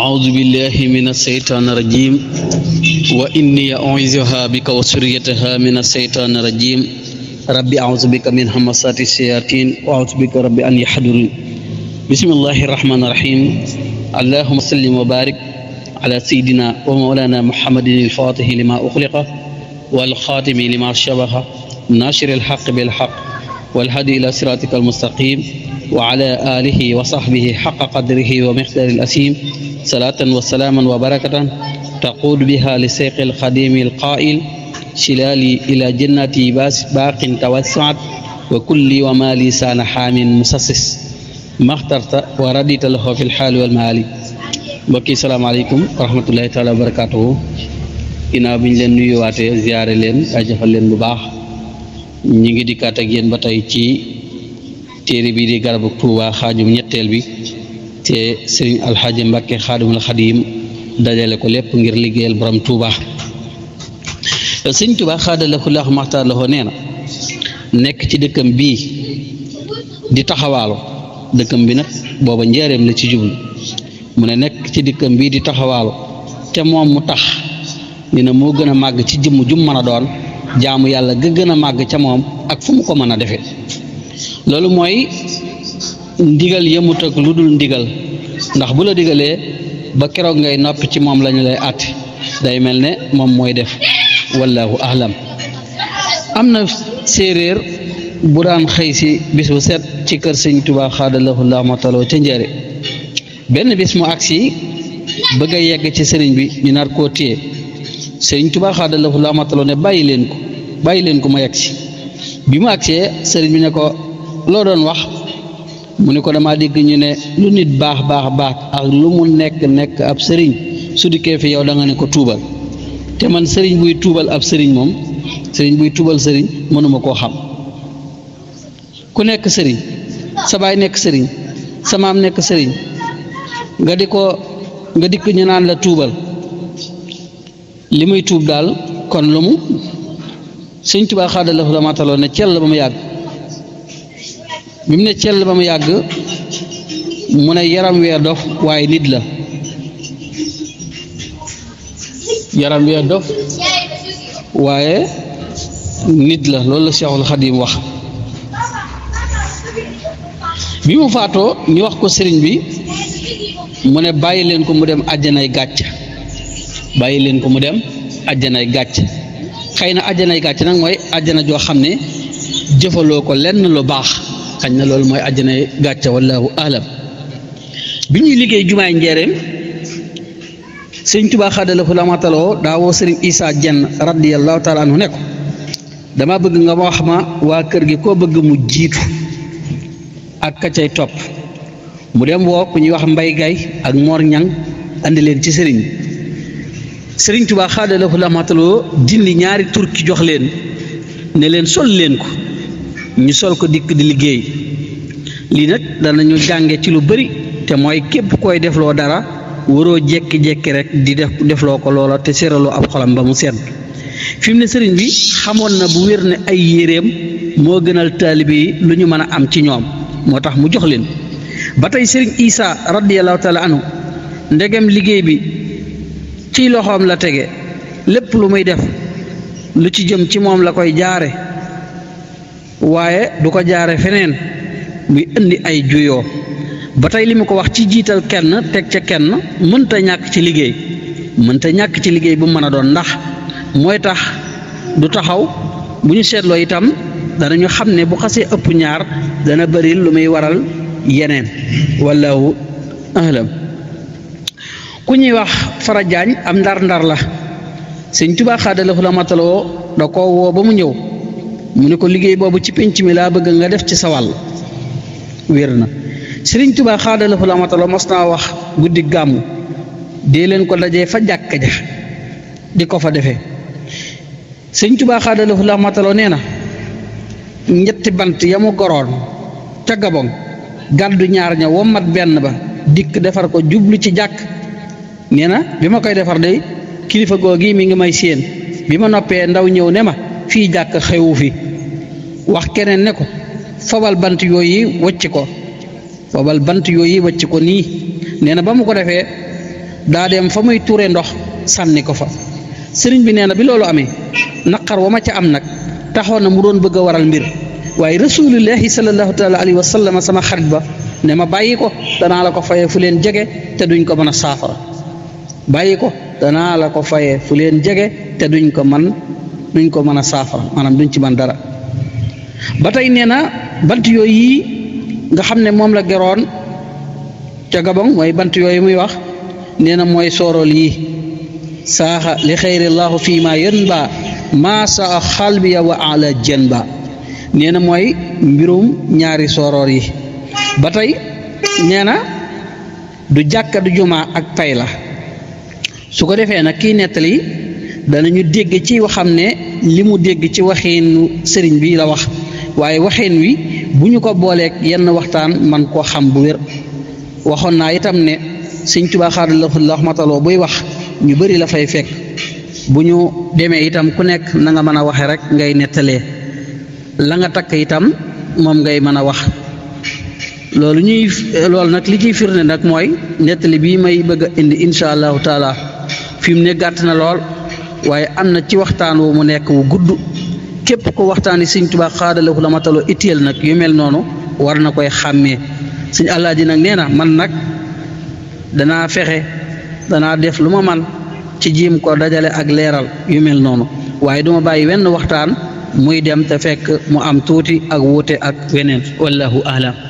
أعوذ بالله من الشيطان الرجيم وإني أعوذها بك وسريتها من الشيطان الرجيم ربي أعوذ بك من همسات الشياطين وأعوذ بك ربي أن يحضرون بسم الله الرحمن الرحيم اللهم سلم وبارك على سيدنا ومولانا محمد الفاتح لما أخلق والخاتم لما شبه ناشر الحق بالحق والهدي إلى صراطك المستقيم وعلى آله وصحبه حق قدره ومقدر الأسيم صلاة وسلام وبركة تقود بها لسيق القديم القائل شلالي إلى جنتي باق توسعت وكلي ومالي سان حام مسسس ما اخترت ورديت له في الحال والمال بكي السلام عليكم ورحمة الله تعالى وبركاته إنا بن لن نيواتي زيارة لن أجفل لن بباح نيجي ديكاتا جين باتايتي téere bii di garabu Tuuba xaajum ñetteel bi te sëriñ alxaaji Mbàkke xaadimul xadiim dajale ko lépp ngir liggéeyal boroom Tuuba sëriñ Tuuba xaadala xulaax maxtaar la ko nee na nekk ci dëkkam bii di taxawaalo dëkkam bi nag booba njaareem la ci jublu mu ne nekk ci dëkkam bii di taxawaalo te moom mu tax ñu na moo gën a màgg ci jëmm jum mën a doon jaamu yàlla ga gën a màgg ca moom ak fu mu ko mën a defee loolu mooy ndigal yëmut lu dul ndigal ndax bu la digalee ba keroog ngay noppi ci moom lañu lay àtt day mel ne moom mooy def wallaahu alam am na séeréer bu daan xëy si bis bu set ci kër sëñ Tuubaa xaadalahu laahu taalaa ca njëre benn bis mu agsi bëgg a yegg ci sëriñ bi ñu nar koo téye sëriñ Tuubaa lafu laahu taalaa ne bàyyi leen ko bàyyi leen ko ma yegg si bi mu agsee sëriñ bi ne ko lo doon wax mu ne ko dama deg ñu ne lu nit baax baax baax ak lu mu nekk nekk ab serigne su di fi yow da nga ne ko tuubal te man serigne buy tuubal ab sering, mom serigne buy tuubal serigne mënuma ko xam ku nekk serigne sa bay nekk serigne sa mam nekk serigne nga diko nga dik ñu naan la tuubal limuy tuub dal kon lu mu tuba tuba xaada rahmatullahi ne cell ba mu bi mu ne cell ba mu yàgg mu ne yaram wee dof waaye nit la yaram wee dof waaye nit la loolu la Seexul Xadiim wax bi mu faatoo ñu wax ko sëriñ bi mu ne bàyyi leen ko mu dem àjjanay gàcc bàyyi leen ko mu dem àjjanay gàcc xëy na àjjanay gàcc nag mooy àjjana joo xam ne jëfaloo ko lenn lu baax xañ na loolu mooy àjjana wallahu alam bi ñuy liggéey jumaay njeereem sëñ tubaa xaadalahu lamataloo daawoo sëriñ isa jenn radiyallahu taala anhu neko dama bëgg nga wax ma wa kër gi ko bëgg mu jitu ak ka cey top mu dem wo ku ñuy wax mbay gay ak mor ñang andi leen ci fu lama talo dindi ñaari turki jox leen ne leen sol leen ko ñu sol ko dikk di liggéey lii nag danañu jànge ci lu bari te mooy képp koy defloo dara waroo jékki-jékki rekk di def defloo ko loola te séraloo ab xolam ba mu sedd fi mu ne sëriñ bi xamoon na bu wér ne ay yéreem moo gënal taalibe yi lu ñu mën a am ci ñoom moo tax mu jox leen ba tey sëriñ Isaa radiyallahu taala anhu ndegam liggéey bi ci loxoom la tege lépp lu muy def lu ci jëm ci moom la koy jaare waaye du ko jaare feneen muy indi ay juyoo ba tey li mu ko wax ci jiital kenn teg ca kenn mënta ñàkk ci liggéey mënta ñàkk ci liggéey bu mën a doon ndax mooy tax du taxaw bu ñu seetloo itam danañu xam ne bu xasee ëpp ñaar dana bari lu muy waral yeneen wallahu ahlam ku ñuy wax farajaañ am ndar ndar la sëñ Tuubaa xaadalafu la mataloo da ko woo ba mu ñëw mu ne ko liggéey boobu ci pénc mi laa bëgg nga def ci sa wàll wér na sëriñ tubaa xaadalafu la matala mos naa wax guddi gàmm dee leen ko dajee fa jàkk ja di ko fa defee sëriñ tubaa xaadalafu la matala nee na ñetti bant yamu mu goroon ca gabon gàddu ñaar ña wommat benn ba dikk defar ko jublu ci jàkk nee na bi ma koy defar day kilifa googi mi ngi may séen bi ma noppee ndaw ñëw ne ma fii jàkk xewu fi wax keneen ne ko fabal bant yooyu wacc ko fabal bant yooyu wacc ko nii nee na ba mu ko defee daa dem fa muy tuure ndox sànni ko fa sëriñ bi nee bi loolu amee naqar wa ma am nag taxoon mu doon bëgg waral mbir waaye rasulillahi salallahu taala alayhi wa sallam sama xarit ba ne ma bàyyi ko la ko fayee fu leen jege te duñ ko mën a saafara bàyyi la ko fayee fu leen jege te duñ ko mën duñ ko mën a saafara maanaam duñ ci man dara ba tey nee na bant nga xam ne moom la geroon ca gabong mooy bant yooyu muy wax nee na mooy yi saaxa li xeyri llahu fi ma yën ba maa saa xalbiya wa ala jën ba nee na mooy mbirum ñaari sooroor yi ba tey nee na du jàkka du juma ak pay la su ko defee nag kii danañu dégg ci waxam ne li mu dégg ci waxeenu sëriñ bi la wax waaye waxeen wi bu ñu ko booleek yenn waxtaan man koo xam bu wér waxoon naa itam ne sëñ Tuubaa xaadalaxul laxmataloo buy wax ñu bëri la fay fekk bu ñu demee itam ku nekk na nga mën a waxe rek ngay nettalee la nga takk itam moom ngay mën a wax loolu ñuy loolu nag li ciy firnde nag mooy nettali bi may bëgg indi incha allahu taala fi mu ne gàtt na lool waaye am na ci waxtaan wu mu nekk wu gudd képp ko waxtaani sëñ Tuubaa xaadalahu la mataloo itteel nag yu mel noonu war na koy xàmmee sëñ Alaaji dina nee na man nag danaa fexe danaa def lu ma man ci jiim ko dajale ak leeral yu mel noonu waaye duma bàyyi wenn waxtaan muy dem te fekk mu am tuuti ak wuute ak weneen wallahu aalam